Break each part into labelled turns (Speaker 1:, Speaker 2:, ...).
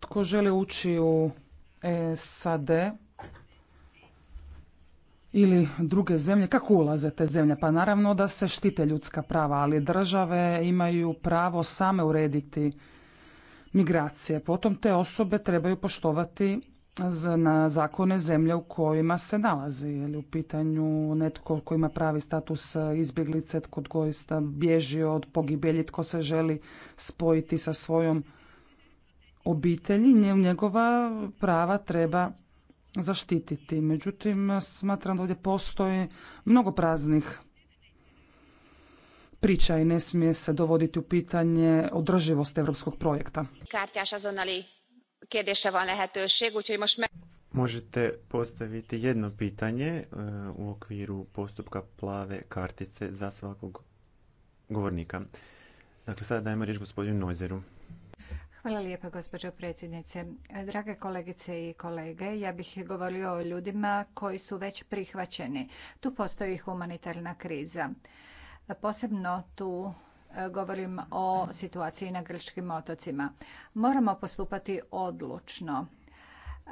Speaker 1: Tko želi ući u SAD ili druge zemlje, kako ulaze te zemlje? Pa naravno da se štite ljudska prava, ali države imaju pravo same urediti migracije. Potom te osobe trebaju poštovati na zakone zemlje u kojima se nalazi. Je u pitanju netko tko ima pravi status izbjeglice, tko doista bježi od pogibelji, tko se želi spojiti sa svojom obitelji, njegova prava treba zaštititi. Međutim, smatram da ovdje postoji mnogo praznih priča i ne smije se dovoditi u pitanje održivost europskog projekta.
Speaker 2: Možete postaviti jedno pitanje e, u okviru postupka plave kartice za svakog govornika. Dakle, sada dajemo riječ gospodinu Nojzeru.
Speaker 3: Hvala lijepa, gospođo predsjednice. Drage kolegice i kolege, ja bih govorio o ljudima koji su već prihvaćeni. Tu postoji humanitarna kriza. Posebno tu e, govorim o situaciji na grčkim otocima. Moramo postupati odlučno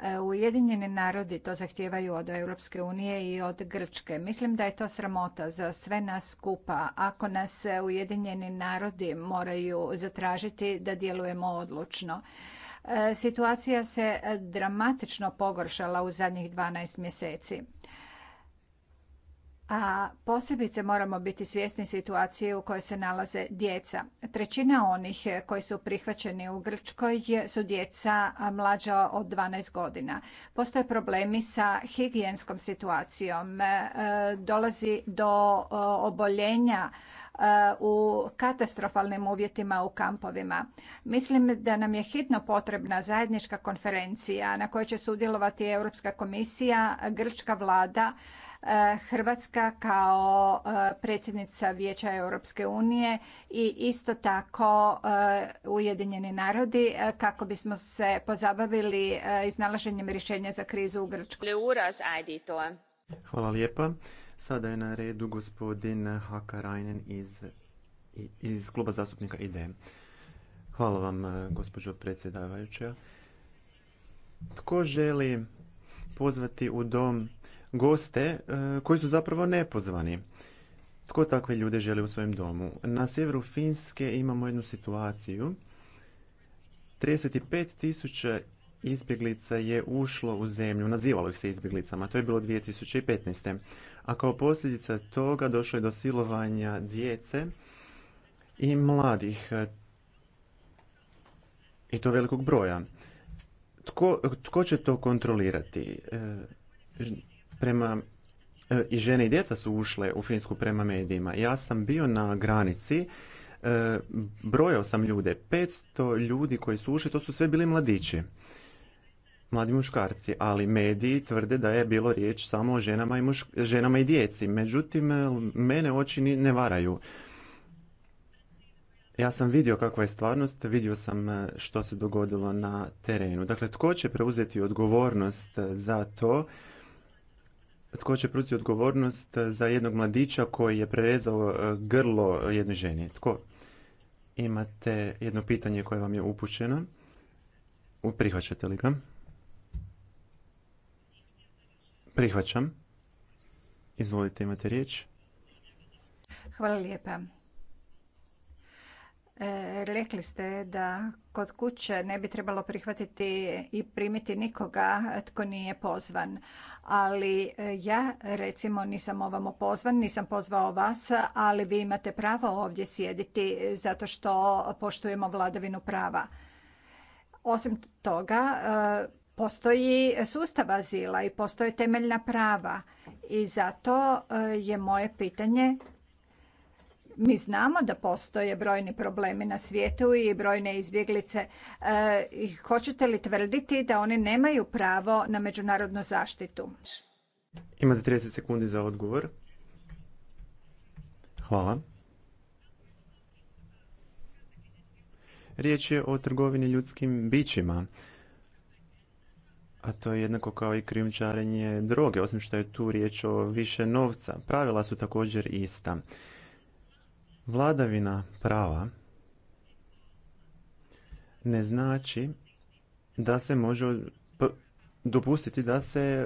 Speaker 3: E, Ujedinjeni narodi to zahtijevaju od Europske unije i od Grčke. Mislim da je to sramota za sve nas skupa ako nas e, Ujedinjeni narodi moraju zatražiti da djelujemo odlučno. E, Situacija se dramatično pogoršala u zadnjih 12 mjeseci a posebice moramo biti svjesni situacije u kojoj se nalaze djeca. Trećina onih koji su prihvaćeni u Grčkoj su djeca mlađa od 12 godina. Postoje problemi sa higijenskom situacijom, e, dolazi do oboljenja e, u katastrofalnim uvjetima u kampovima. Mislim da nam je hitno potrebna zajednička konferencija na kojoj će sudjelovati Europska komisija, grčka vlada, Hrvatska kao e, predsjednica Vijeća Europske unije i isto tako e, Ujedinjeni narodi e, kako bismo se pozabavili iznalaženjem rješenja za krizu u Grčkoj.
Speaker 2: Hvala lijepa. Sada je na redu gospodin Rajnen iz, iz kluba zastupnika IDE. Hvala vam, gospođo predsjedavajuća. Tko želi pozvati u dom goste e, koji su zapravo nepozvani. Tko takve ljude želi u svojem domu? Na sjeveru Finske imamo jednu situaciju. 35 tisuća izbjeglica je ušlo u zemlju, nazivalo ih se izbjeglicama, to je bilo 2015. A kao posljedica toga došlo je do silovanja djece i mladih, e, i to velikog broja. Tko, tko će to kontrolirati? E, prema e, i žene i djeca su ušle u Finsku prema medijima. Ja sam bio na granici, e, brojao sam ljude, 500 ljudi koji su ušli, to su sve bili mladići, mladi muškarci, ali mediji tvrde da je bilo riječ samo o ženama i, ženama i djeci. Međutim, e, mene oči ne varaju. Ja sam vidio kakva je stvarnost, vidio sam što se dogodilo na terenu. Dakle, tko će preuzeti odgovornost za to? Tko će pruti odgovornost e, za jednog mladića koji je prerezao e, grlo jednoj ženi? Tko? Imate jedno pitanje koje vam je upućeno. Prihvaćate li ga? Prihvaćam. Izvolite, imate riječ.
Speaker 3: Hvala lijepa. E, rekli ste da kod kuće ne bi trebalo prihvatiti i primiti nikoga tko nije pozvan. Ali e, ja recimo nisam ovamo pozvan, nisam pozvao vas, ali vi imate pravo ovdje sjediti zato što poštujemo vladavinu prava. Osim toga, e, postoji sustav azila i postoje temeljna prava i zato je moje pitanje mi znamo da postoje brojni problemi na svijetu i brojne izbjeglice. E, hoćete li tvrditi da oni nemaju pravo na međunarodnu zaštitu?
Speaker 2: Imate 30 sekundi za odgovor. Hvala. Riječ je o trgovini ljudskim bićima. A to je jednako kao i krijumčarenje droge, osim što je tu riječ o više novca. Pravila su također ista. Vladavina prava ne znači da se može dopustiti da se e,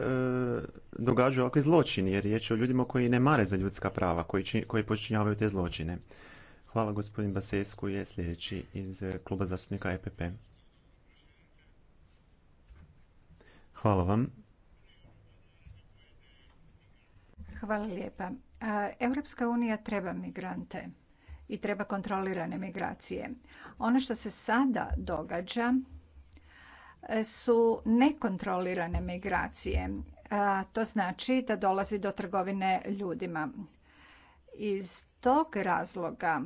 Speaker 2: događaju ovakvi zločini jer riječ je o ljudima koji ne mare za ljudska prava, koji, koji počinjavaju te zločine. Hvala gospodin Basesku je sljedeći iz e, kluba zastupnika EPP. Hvala vam.
Speaker 3: Hvala lijepa. Europska unija treba migrante i treba kontrolirane migracije. Ono što se sada događa e, su nekontrolirane migracije. To znači da dolazi do trgovine ljudima. Iz tog razloga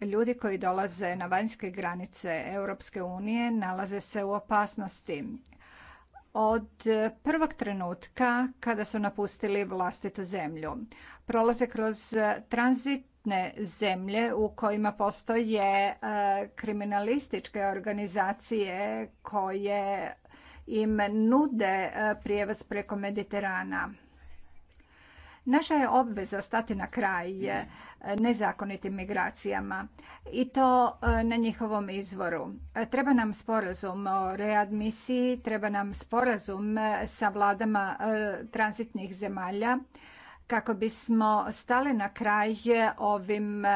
Speaker 3: ljudi koji dolaze na vanjske granice Europske unije nalaze se u opasnosti od prvog trenutka kada su napustili vlastitu zemlju. Prolaze kroz tranzit zemlje u kojima postoje e, kriminalističke organizacije koje im nude e, prijevoz preko Mediterana. Naša je obveza stati na kraj e, nezakonitim migracijama i to na njihovom izvoru. Treba nam sporazum o readmisiji, treba nam sporazum sa vladama tranzitnih zemalja kako bismo stali na kraj ovim e,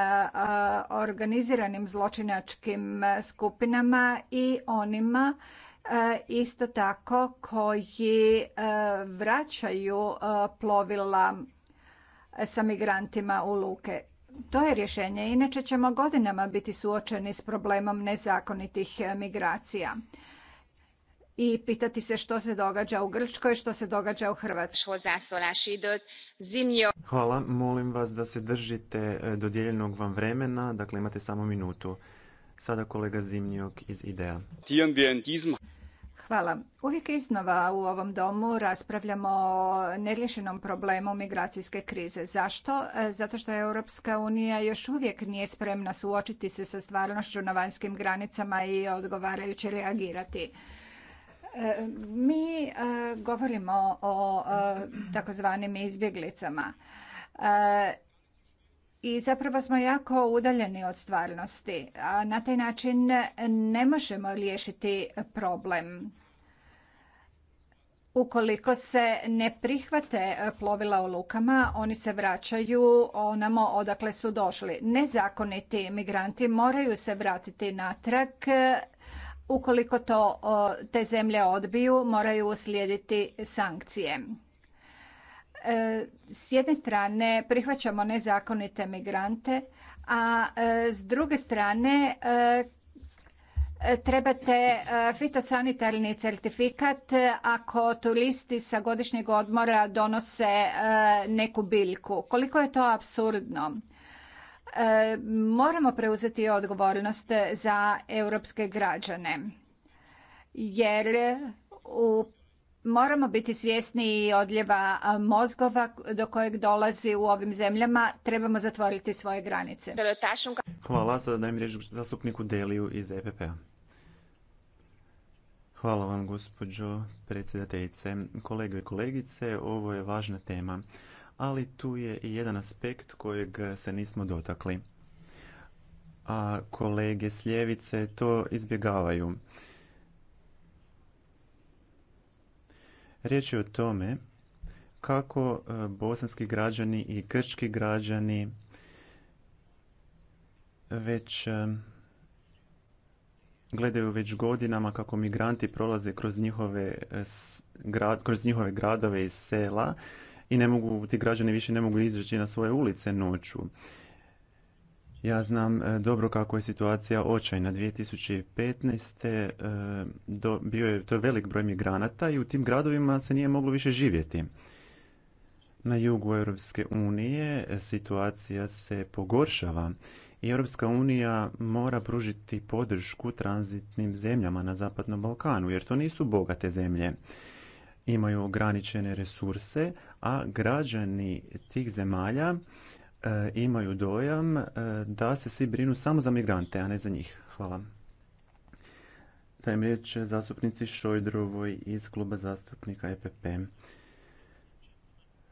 Speaker 3: organiziranim zločinačkim skupinama i onima e, isto tako koji e, vraćaju plovila sa migrantima u luke. To je rješenje, inače ćemo godinama biti suočeni s problemom nezakonitih migracija i pitati se što se događa u Grčkoj, što se događa u Hrvatskoj.
Speaker 2: Hvala, molim vas da se držite e, dodijeljenog vam vremena, dakle imate samo minutu. Sada kolega Zimnjog iz IDEA.
Speaker 3: Hvala. Uvijek iznova u ovom domu raspravljamo o nerješenom problemu migracijske krize. Zašto? E, zato što je Europska unija još uvijek nije spremna suočiti se sa stvarnošću na vanjskim granicama i odgovarajuće reagirati. Mi e, govorimo o e, takozvanim izbjeglicama e, i zapravo smo jako udaljeni od stvarnosti. na taj način ne možemo riješiti problem. Ukoliko se ne prihvate plovila u lukama, oni se vraćaju onamo odakle su došli. Nezakoniti migranti moraju se vratiti natrag Ukoliko to te zemlje odbiju, moraju uslijediti sankcije. E, s jedne strane prihvaćamo nezakonite migrante, a e, s druge strane e, trebate fitosanitarni certifikat ako turisti sa godišnjeg odmora donose neku biljku. Koliko je to apsurdno. E, moramo preuzeti odgovornost za europske građane jer u moramo biti svjesni odljeva mozgova do kojeg dolazi u ovim zemljama. Trebamo zatvoriti svoje granice.
Speaker 2: Hvala. Sada dajem zastupniku Deliju iz EPP-a. Hvala vam, gospođo predsjedateljice. Kolege i kolegice, ovo je važna tema ali tu je i jedan aspekt kojeg se nismo dotakli. A kolege s ljevice to izbjegavaju. Riječ je o tome kako e, bosanski građani i grčki građani već e, gledaju već godinama kako migranti prolaze kroz njihove, e, kroz njihove gradove i sela i ne mogu, ti građani više ne mogu izaći na svoje ulice noću. Ja znam e, dobro kako je situacija očajna. 2015. E, do, bio je to je velik broj migranata i u tim gradovima se nije moglo više živjeti. Na jugu Europske unije e, situacija se pogoršava i Europska unija mora pružiti podršku tranzitnim zemljama na Zapadnom Balkanu, jer to nisu bogate zemlje imaju ograničene resurse, a građani tih zemalja e, imaju dojam e, da se svi brinu samo za migrante, a ne za njih. Hvala. Dajem riječ zastupnici Šojdrovoj iz kluba zastupnika EPP.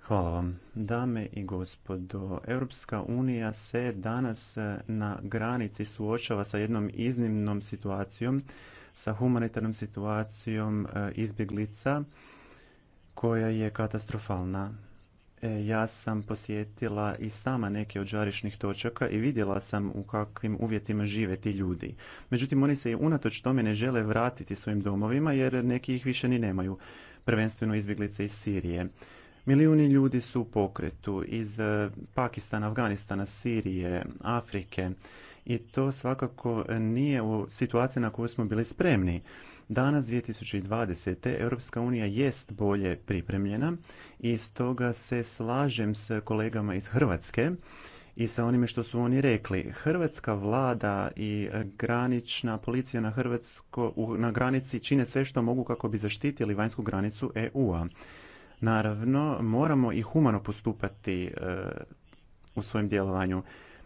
Speaker 2: Hvala vam. Dame i gospodo, Europska unija se danas na granici suočava sa jednom iznimnom situacijom, sa humanitarnom situacijom e, izbjeglica koja je katastrofalna. E, ja sam posjetila i sama neke od žarišnih točaka i vidjela sam u kakvim uvjetima žive ti ljudi. Međutim, oni se i unatoč tome ne žele vratiti svojim domovima jer neki ih više ni nemaju, prvenstveno izbjeglice iz Sirije. Milijuni ljudi su u pokretu iz e, Pakistana, Afganistana, Sirije, Afrike i to svakako nije u situaciji na koju smo bili spremni. Danas 2020. Europska unija jest bolje pripremljena i stoga se slažem s kolegama iz Hrvatske i sa onime što su oni rekli. Hrvatska vlada i granična policija na, Hrvatsko, na granici čine sve što mogu kako bi zaštitili vanjsku granicu EU-a. Naravno, moramo i humano postupati e, u svojem djelovanju.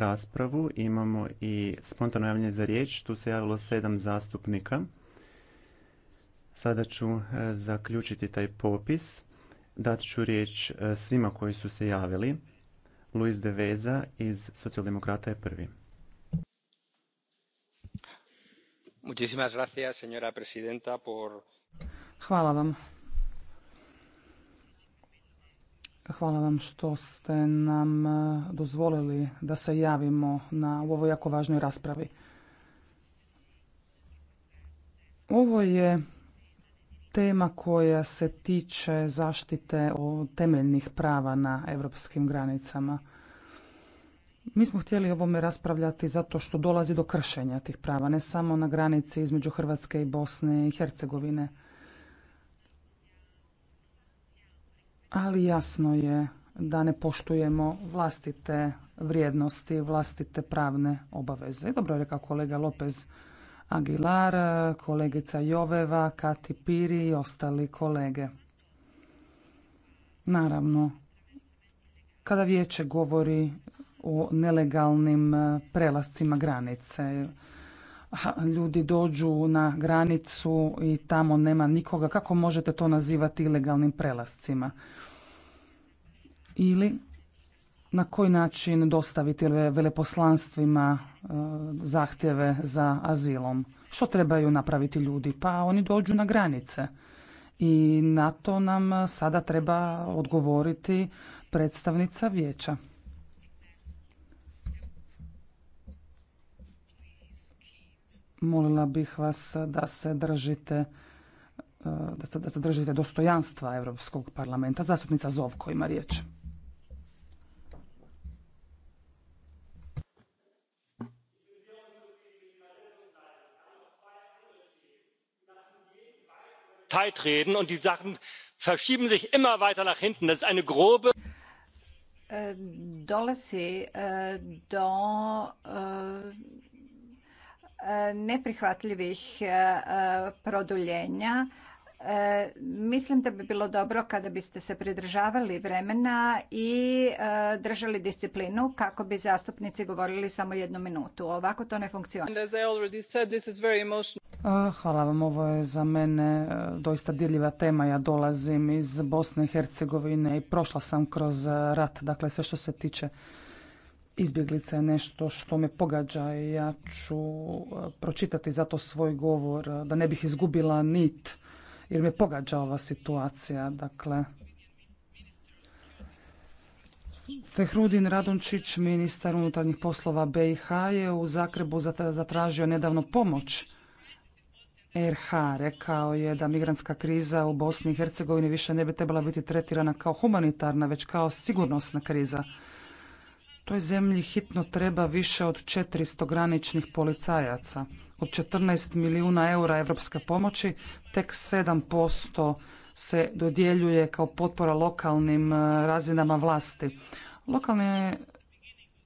Speaker 2: raspravu. Imamo i spontano javljanje za riječ. Tu se javilo sedam zastupnika. Sada ću e, zaključiti taj popis. Dat ću riječ e, svima koji su se javili. Luis de Veza iz Socijaldemokrata je prvi.
Speaker 1: Hvala vam Hvala vam što ste nam e, dozvolili da se javimo na u ovoj jako važnoj raspravi. Ovo je tema koja se tiče zaštite temeljnih prava na europskim granicama. Mi smo htjeli ovome raspravljati zato što dolazi do kršenja tih prava, ne samo na granici između Hrvatske i Bosne i Hercegovine. ali jasno je da ne poštujemo vlastite vrijednosti, vlastite pravne obaveze. Dobro je rekao kolega Lopez Aguilar, kolegica Joveva, Kati Piri i ostali kolege. Naravno, kada vijeće govori o nelegalnim prelascima granice, ljudi dođu na granicu i tamo nema nikoga. Kako možete to nazivati ilegalnim prelascima? Ili na koji način dostaviti veleposlanstvima e, zahtjeve za azilom? Što trebaju napraviti ljudi? Pa oni dođu na granice. I na to nam sada treba odgovoriti predstavnica vijeća. Molila bih vas da se držite e, da se, da se držite dostojanstva Europskog parlamenta. Zastupnica Zovko ima riječ. zeit und die sachen verschieben sich immer weiter nach hinten. das ist eine grobe.
Speaker 3: E, dolazi e, do neprihvatljivih e, e, produljenja. E, mislim da bi bilo dobro kada biste se pridržavali vremena i držali disciplinu kako bi zastupnici govorili samo jednu minutu. Ovako to ne funkcionira.
Speaker 1: Hvala vam, ovo je za mene doista dirljiva tema. Ja dolazim iz Bosne i Hercegovine i prošla sam kroz rat, dakle sve što se tiče izbjeglica je nešto što me pogađa i ja ću e, pročitati zato svoj govor e, da ne bih izgubila nit jer me pogađa ova situacija. Dakle, Tehrudin Radončić, ministar unutarnjih poslova BiH, je u Zagrebu zatražio nedavno pomoć RH. Rekao je da migrantska kriza u Bosni i Hercegovini više ne bi trebala biti tretirana kao humanitarna, već kao sigurnosna kriza. Toj zemlji hitno treba više od 400 graničnih policajaca. Od 14 milijuna eura evropske pomoći, tek 7% se dodjeljuje kao potpora lokalnim e, razinama vlasti. Lokalne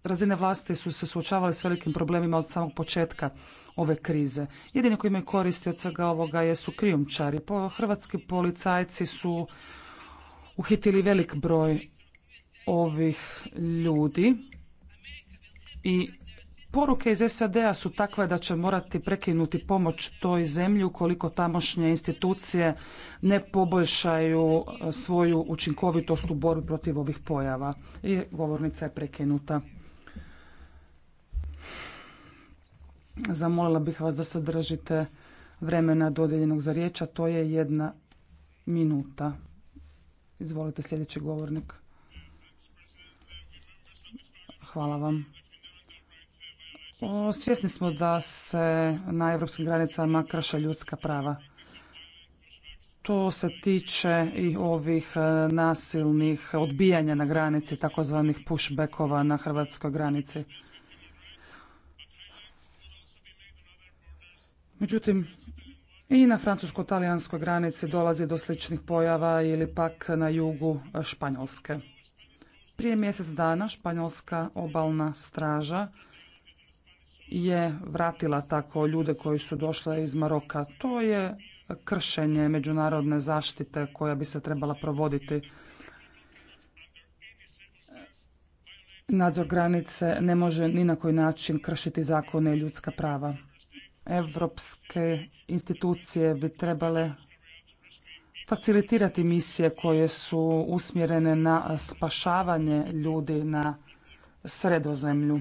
Speaker 1: razine vlasti su se suočavale s velikim problemima od samog početka ove krize. Jedini koji imaju koristi od svega ovoga jesu krijumčari. Hrvatski policajci su uhitili velik broj ovih ljudi i poruke iz SAD-a su takve da će morati prekinuti pomoć toj zemlji ukoliko tamošnje institucije ne poboljšaju e, svoju učinkovitost u borbi protiv ovih pojava. I govornica je prekinuta. Zamolila bih vas da se držite vremena dodijeljenog za riječ, a to je jedna minuta. Izvolite sljedeći govornik. Hvala vam. Svjesni smo da se na europskim granicama krše ljudska prava. To se tiče i ovih e, nasilnih odbijanja na granici, takozvanih pushbackova na hrvatskoj granici. Međutim, i na francusko-talijanskoj granici dolazi do sličnih pojava ili pak na jugu Španjolske. Prije mjesec dana Španjolska obalna straža je vratila tako ljude koji su došli iz Maroka. To je kršenje međunarodne zaštite koja bi se trebala provoditi. Nadzor granice ne može ni na koji način kršiti zakone i ljudska prava. Evropske institucije bi trebale facilitirati misije koje su usmjerene na spašavanje ljudi na sredozemlju.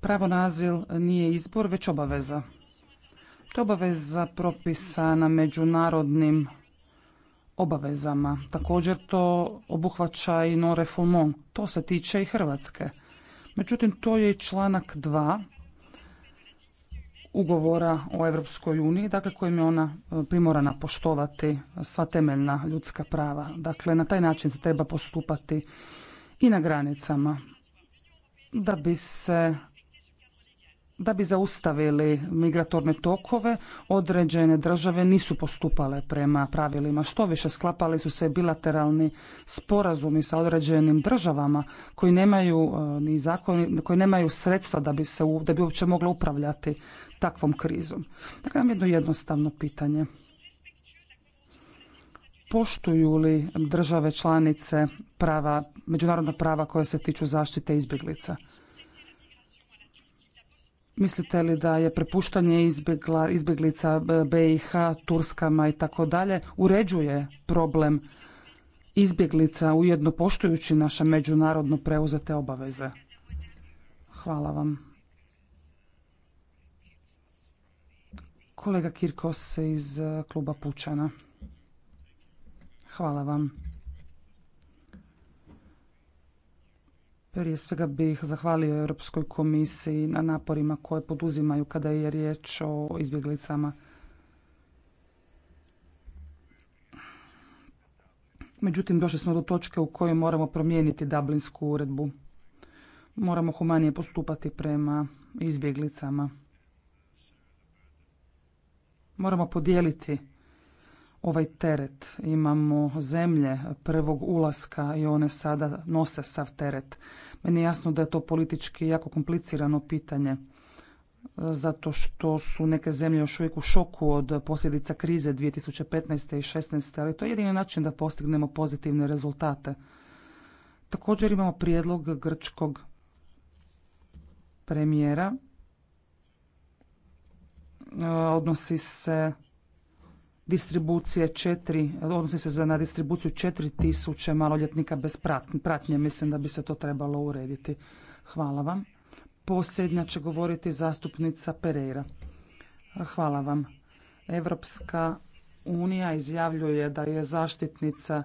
Speaker 1: Pravo na azil nije izbor, već obaveza. To je obaveza propisana međunarodnim obavezama. Također to obuhvaća i non refoulement. To se tiče i Hrvatske. Međutim, to je i članak dva ugovora o Europskoj uniji, dakle kojim je ona e, primorana poštovati sva temeljna ljudska prava. Dakle, na taj način se treba postupati i na granicama da bi se da bi zaustavili migratorne tokove, određene države nisu postupale prema pravilima. Što više sklapali su se bilateralni sporazumi sa određenim državama koji nemaju e, ni zakon, koji nemaju sredstva da bi se da bi uopće mogla upravljati takvom krizom? Dakle, imam jedno jednostavno pitanje. Poštuju li države članice prava, međunarodna prava koja se tiču zaštite izbjeglica? Mislite li da je prepuštanje izbjegla, izbjeglica BiH, Turskama i tako dalje uređuje problem izbjeglica ujedno poštujući naše međunarodno preuzete obaveze? Hvala vam. Kolega Kirkos iz e, kluba Pučana. Hvala vam. Prije svega bih zahvalio Europskoj komisiji na naporima koje poduzimaju kada je riječ o izbjeglicama. Međutim, došli smo do točke u kojoj moramo promijeniti Dublinsku uredbu. Moramo humanije postupati prema izbjeglicama. Moramo podijeliti ovaj teret. Imamo zemlje prvog ulaska i one sada nose sav teret. Meni je jasno da je to politički jako komplicirano pitanje e, zato što su neke zemlje još uvijek u šoku od posljedica krize 2015. i 2016. ali to je jedini način da postignemo pozitivne rezultate. Također imamo prijedlog grčkog premijera E, odnosi se distribucije četiri odnosi se na distribuciju 4000 maloljetnika bez pratnje. Mislim da bi se to trebalo urediti. Hvala vam. Posljednja će govoriti zastupnica Pereira. Hvala vam. europska unija izjavljuje da je zaštitnica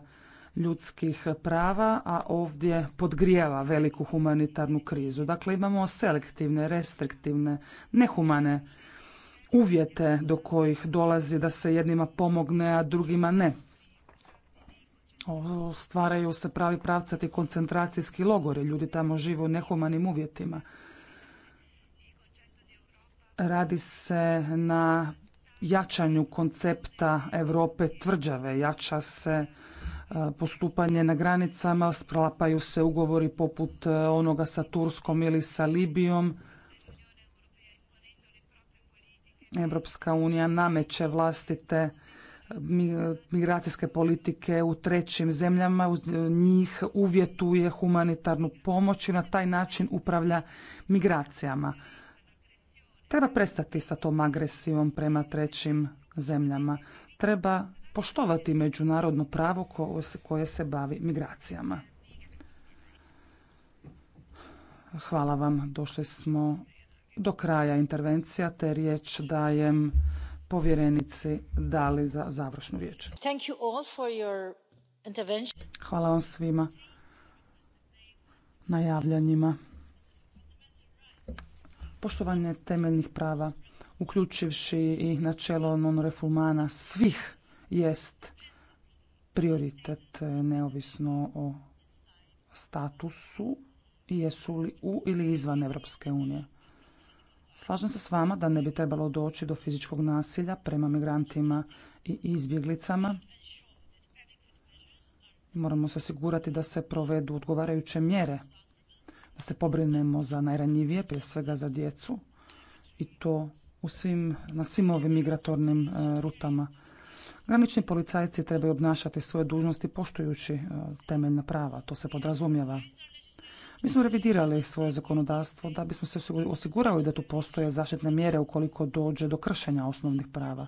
Speaker 1: ljudskih prava, a ovdje podgrijava veliku humanitarnu krizu. Dakle, imamo selektivne, restriktivne, nehumane uvjete do kojih dolazi da se jednima pomogne, a drugima ne. Stvaraju se pravi pravcati koncentracijski logori, ljudi tamo žive u nehumanim uvjetima. Radi se na jačanju koncepta Europe tvrđave, jača se e, postupanje na granicama, sklapaju se ugovori poput e, onoga sa Turskom ili sa Libijom. Evropska unija nameće vlastite eh, eh, migracijske politike u trećim zemljama, uz eh, njih uvjetuje humanitarnu pomoć i na taj način upravlja migracijama. Treba prestati sa tom agresijom prema trećim zemljama. Treba poštovati međunarodno pravo koje se bavi migracijama. Hvala vam, došli smo do kraja intervencija, te riječ dajem povjerenici Dali za završnu riječ. Hvala vam svima na javljanjima. Poštovanje temeljnih prava, uključivši i načelo non-refumana svih, jest prioritet e, neovisno o statusu jesu li u ili izvan Europske unije. Slažem se s vama da ne bi trebalo doći do fizičkog nasilja prema migrantima i izbjeglicama. Moramo se osigurati da se provedu odgovarajuće mjere, da se pobrinemo za najranjivije, prije svega za djecu i to u svim, na svim ovim migratornim e, rutama. Granični policajci trebaju obnašati svoje dužnosti poštujući e, temeljna prava, to se podrazumijeva. Mi smo revidirali svoje zakonodavstvo da bismo se osigurali da tu postoje zaštitne mjere ukoliko dođe do kršenja osnovnih prava.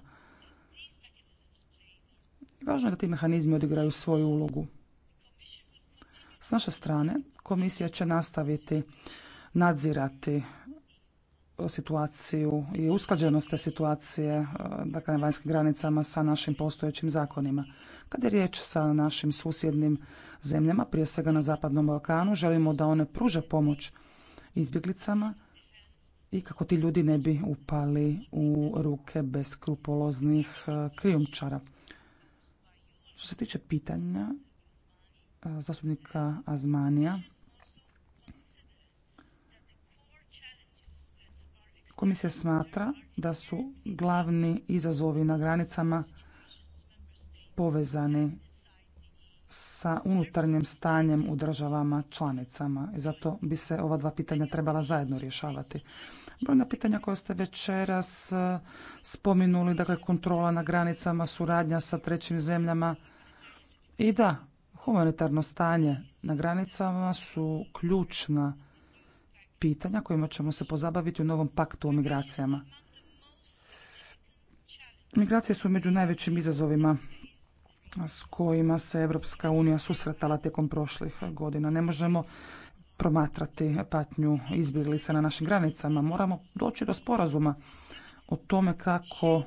Speaker 1: važno je da ti mehanizmi odigraju svoju ulogu. S naše strane komisija će nastaviti nadzirati situaciju i usklađenost te situacije eh, dakle, na vanjskim granicama sa našim postojećim zakonima. Kad je riječ sa našim susjednim zemljama, prije svega na Zapadnom Balkanu, želimo da one pruže pomoć izbjeglicama i kako ti ljudi ne bi upali u ruke beskrupoloznih eh, krijumčara. Što se tiče pitanja eh, zastupnika Azmanija, Komisija smatra da su glavni izazovi na granicama povezani sa unutarnjim stanjem u državama članicama i zato bi se ova dva pitanja trebala zajedno rješavati. Brojna pitanja koja ste večeras e, spominuli, dakle kontrola na granicama, suradnja sa trećim zemljama i da, humanitarno stanje na granicama su ključna pitanja kojima ćemo se pozabaviti u novom paktu o migracijama. Migracije su među najvećim izazovima s kojima se Europska unija susretala tijekom prošlih godina. Ne možemo promatrati patnju izbjeglica na našim granicama. Moramo doći do sporazuma o tome kako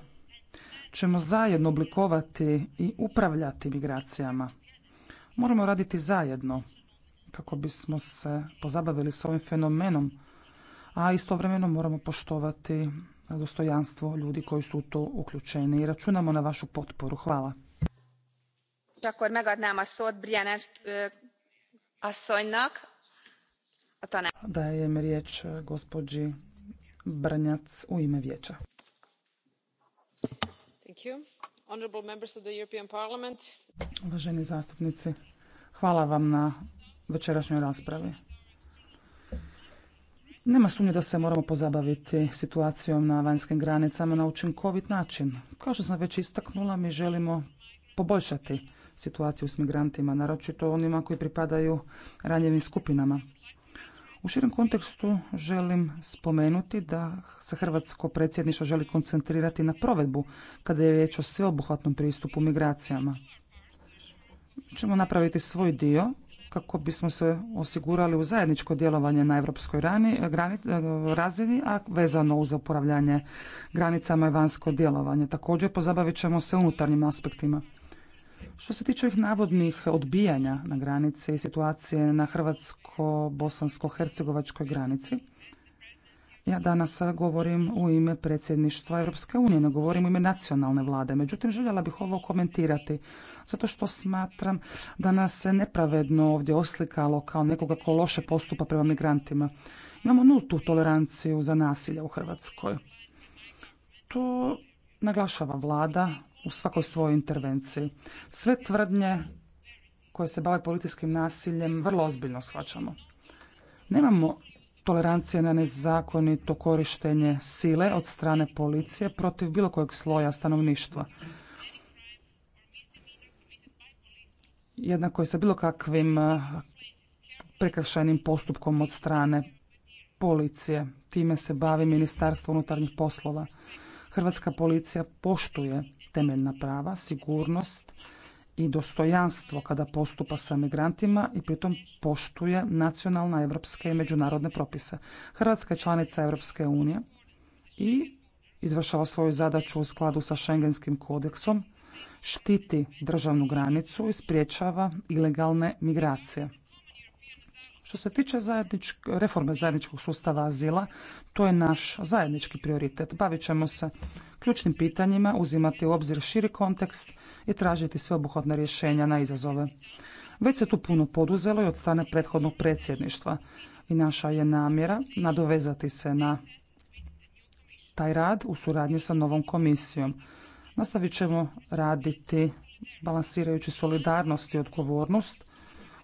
Speaker 1: ćemo zajedno oblikovati i upravljati migracijama. Moramo raditi zajedno kako bismo se pozabavili s ovim fenomenom, a istovremeno moramo poštovati dostojanstvo ljudi koji su u to uključeni i računamo na vašu potporu. Hvala. a Dajem riječ gospođi Brnjac u ime vijeća. Thank Uvaženi zastupnici, hvala vam na večerašnjoj raspravi. Nema sumnje da se moramo pozabaviti situacijom na vanjskim granicama na učinkovit način. Kao što sam već istaknula, mi želimo poboljšati situaciju s migrantima, naročito onima koji pripadaju ranjivim skupinama. U širem kontekstu želim spomenuti da se Hrvatsko predsjedništvo želi koncentrirati na provedbu kada je riječ o sveobuhvatnom pristupu migracijama. Čemo napraviti svoj dio kako bismo se osigurali u zajedničko djelovanje na europskoj razini, a vezano uz upravljanje granicama i vanjsko djelovanje. Također pozabavit ćemo se unutarnjim aspektima. Što se tiče ovih navodnih odbijanja na granici i situacije na hrvatsko-bosansko-hercegovačkoj granici, ja danas govorim u ime predsjedništva Europske unije, ne govorim u ime nacionalne vlade. Međutim, željela bih ovo komentirati, zato što smatram da nas se nepravedno ovdje oslikalo kao nekoga ko loše postupa prema migrantima. Imamo nultu toleranciju za nasilje u Hrvatskoj. To naglašava vlada u svakoj svojoj intervenciji. Sve tvrdnje koje se bave policijskim nasiljem vrlo ozbiljno shvaćamo. Nemamo tolerancije na nezakonito korištenje sile od strane policije protiv bilo kojeg sloja stanovništva. Jednako je sa bilo kakvim prekršajnim postupkom od strane policije. Time se bavi Ministarstvo unutarnjih poslova. Hrvatska policija poštuje temeljna prava, sigurnost i dostojanstvo kada postupa sa migrantima i pritom poštuje nacionalne, evropske i međunarodne propise. Hrvatska je članica Evropske unije i izvršava svoju zadaću u skladu sa Šengenskim kodeksom, štiti državnu granicu i spriječava ilegalne migracije. Što se tiče reforme zajedničkog sustava azila, to je naš zajednički prioritet. Bavit ćemo se ključnim pitanjima, uzimati u obzir širi kontekst i tražiti sveobuhvatna rješenja na izazove. Već se tu puno poduzelo i od strane prethodnog predsjedništva i naša je namjera nadovezati se na taj rad u suradnji sa novom komisijom. Nastavit ćemo raditi balansirajući solidarnost i odgovornost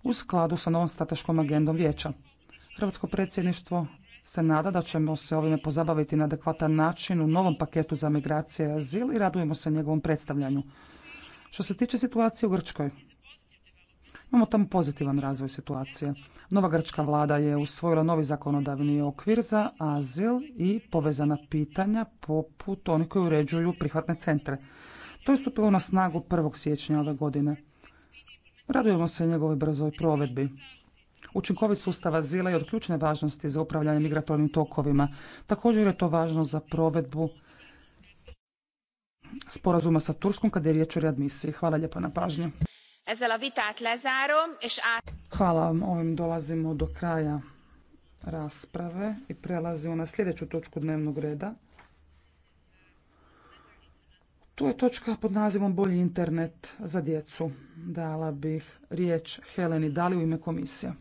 Speaker 1: u skladu sa novom strateškom agendom vijeća. Hrvatsko predsjedništvo se nada da ćemo se ovime pozabaviti na adekvatan način u novom paketu za migracije i azil i radujemo se njegovom predstavljanju. Što se tiče situacije u Grčkoj, imamo tamo pozitivan razvoj situacije. Nova grčka vlada je usvojila novi zakonodavni okvir za azil i povezana pitanja poput onih koji uređuju prihvatne centre. To je stupilo na snagu 1. siječnja ove godine. Radujemo se njegovoj brzoj provedbi. Učinkovit sustav azila je od ključne važnosti za upravljanje migratornim tokovima. Također je to važno za provedbu sporazuma sa Turskom kada je riječ o readmisiji. Hvala lijepa na pažnju. Hvala vam. Ovim dolazimo do kraja rasprave i prelazimo na sljedeću točku dnevnog reda. Tu je točka pod nazivom Bolji internet za djecu. Dala bih riječ Heleni Dali u ime komisije.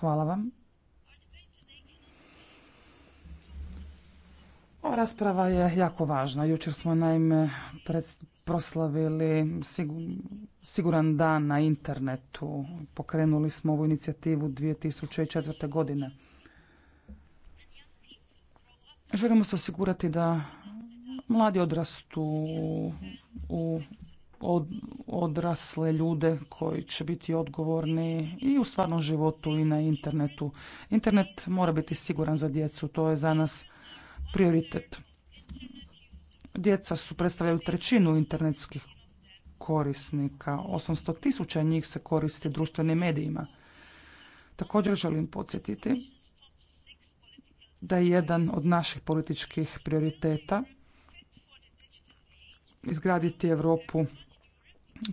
Speaker 1: Hvala vam. Ova rasprava je jako važna. Jučer smo naime proslavili siguran dan na internetu. Pokrenuli smo ovu inicijativu 2004. godine. Želimo se osigurati da mladi odrastu u odrasle ljude koji će biti odgovorni i u stvarnom životu i na internetu. Internet mora biti siguran za djecu, to je za nas prioritet. Djeca su predstavljaju trećinu internetskih korisnika. 800 tisuća njih se koristi društvenim medijima. Također želim podsjetiti da je jedan od naših političkih prioriteta izgraditi Europu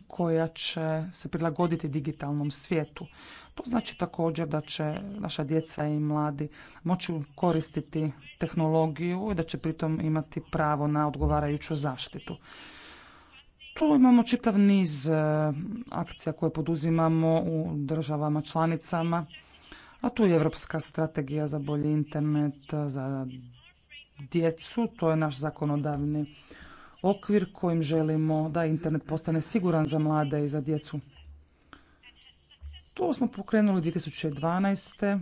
Speaker 1: koja će se prilagoditi digitalnom svijetu. To znači također da će naša djeca i mladi moći koristiti tehnologiju i da će pritom imati pravo na odgovarajuću zaštitu. Tu imamo čitav niz eh, akcija koje poduzimamo u državama članicama a tu je Evropska strategija za bolji internet, eh, za djecu. To je naš zakonodavni okvir kojim želimo da internet postane siguran za mlade i za djecu. To smo pokrenuli 2012.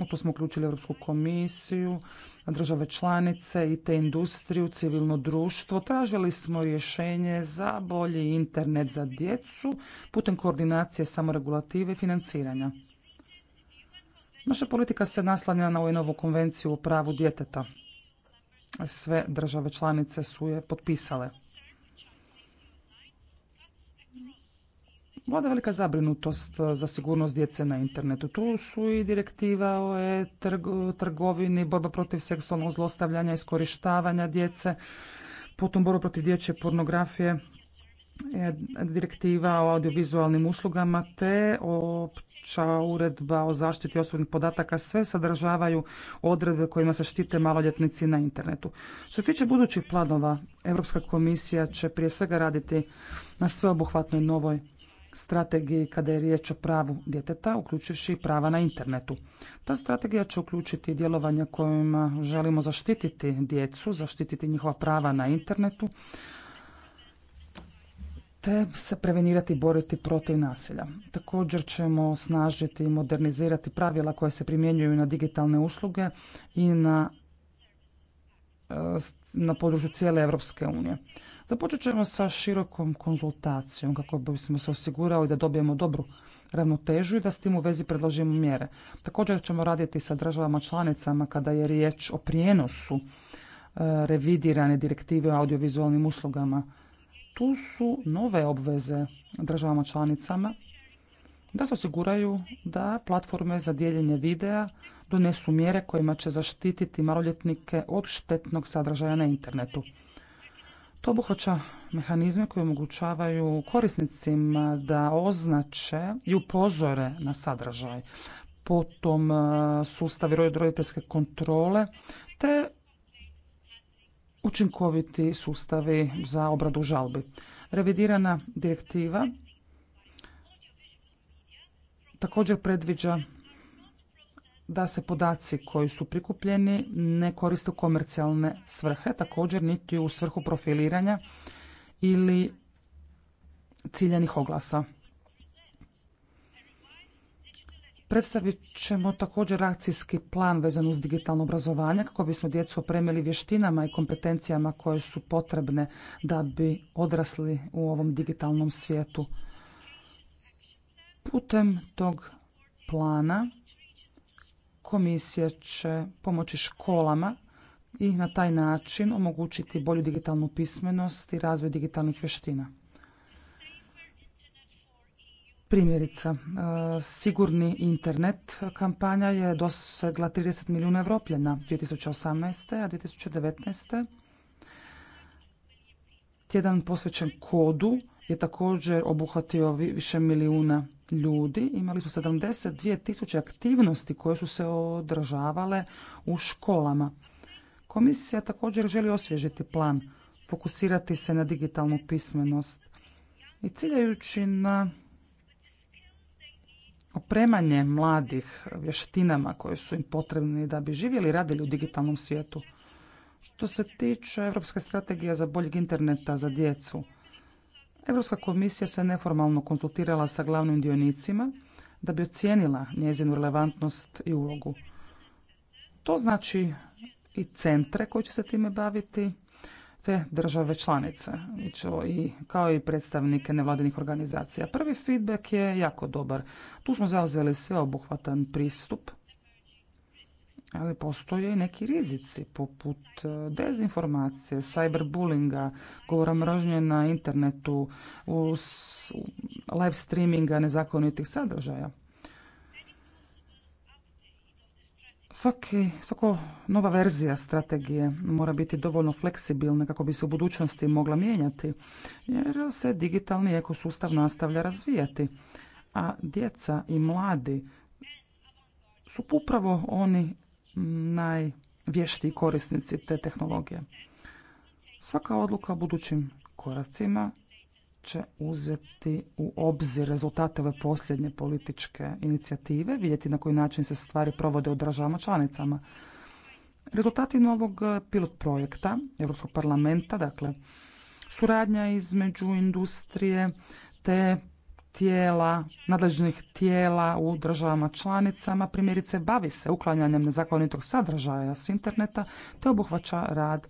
Speaker 1: U to smo uključili Europsku komisiju, države članice i te industriju, civilno društvo. Tražili smo rješenje za bolji internet za djecu putem koordinacije samoregulative i financiranja. Naša politika se naslanja na UN-ovu konvenciju o pravu djeteta. Sve države članice su je potpisale. Vlada velika zabrinutost za sigurnost djece na internetu. Tu su i direktiva o e trgovini, borba protiv seksualnog zlostavljanja, iskorištavanja djece, potom borba protiv dječje pornografije. E, direktiva o audiovizualnim uslugama te opća uredba o zaštiti osobnih podataka sve sadržavaju odredbe kojima se štite maloljetnici na internetu. Što se tiče budućih planova, Europska komisija će prije svega raditi na sveobuhvatnoj novoj strategiji kada je riječ o pravu djeteta, uključujući i prava na internetu. Ta strategija će uključiti djelovanja kojima želimo zaštititi djecu, zaštititi njihova prava na internetu, te se prevenirati i boriti protiv nasilja. Također ćemo osnažiti i modernizirati pravila koja se primjenjuju na digitalne usluge i na e, na području cijele Europske unije. Započet ćemo sa širokom konzultacijom kako bismo se osigurali da dobijemo dobru ravnotežu i da s tim u vezi predložimo mjere. Također ćemo raditi sa državama članicama kada je riječ o prijenosu e, revidirane direktive o audiovizualnim uslugama tu su nove obveze državama članicama da se osiguraju da platforme za dijeljenje videa donesu mjere kojima će zaštititi maloljetnike od štetnog sadržaja na internetu. To obuhvaća mehanizme koji omogućavaju korisnicima da označe i upozore na sadržaj, potom e, sustavi roditeljske kontrole te učinkoviti sustavi za obradu žalbi. Revidirana direktiva također predviđa da se podaci koji su prikupljeni ne koriste u komercijalne svrhe, također niti u svrhu profiliranja ili ciljanih oglasa. Predstavit ćemo također akcijski plan vezan uz digitalno obrazovanje kako bismo djecu opremili vještinama i kompetencijama koje su potrebne da bi odrasli u ovom digitalnom svijetu. Putem tog plana komisija će pomoći školama i na taj način omogućiti bolju digitalnu pismenost i razvoj digitalnih vještina. Primjerica, e, sigurni internet kampanja je dosegla 30 milijuna evropljena 2018. a 2019. Tjedan posvećen kodu je također obuhvatio više milijuna ljudi. Imali su 72 tisuće aktivnosti koje su se održavale u školama. Komisija također želi osvježiti plan, fokusirati se na digitalnu pismenost i ciljajući na opremanje mladih vještinama koje su im potrebne da bi živjeli i radili u digitalnom svijetu. Što se tiče Europske strategije za boljeg interneta za djecu, Europska komisija se neformalno konsultirala sa glavnim dionicima da bi ocijenila njezinu relevantnost i ulogu. To znači i centre koji će se time baviti, te države članice, i kao i predstavnike nevladinih organizacija. Prvi feedback je jako dobar. Tu smo zauzeli sveobuhvatan pristup, ali postoje i neki rizici poput e, dezinformacije, cyberbullinga, govora mržnje na internetu, live streaminga nezakonitih sadržaja. Svaki, svako nova verzija strategije mora biti dovoljno fleksibilna kako bi se u budućnosti mogla mijenjati, jer se digitalni ekosustav nastavlja razvijati. A djeca i mladi su upravo oni najvještiji korisnici te tehnologije. Svaka odluka o budućim koracima će uzeti u obzir rezultate ove posljednje političke inicijative, vidjeti na koji način se stvari provode u državama članicama. Rezultati novog eh, pilot projekta Europskog parlamenta, dakle suradnja između industrije te tijela, nadležnih tijela u državama članicama, primjerice bavi se uklanjanjem nezakonitog sadržaja s interneta te obuhvaća rad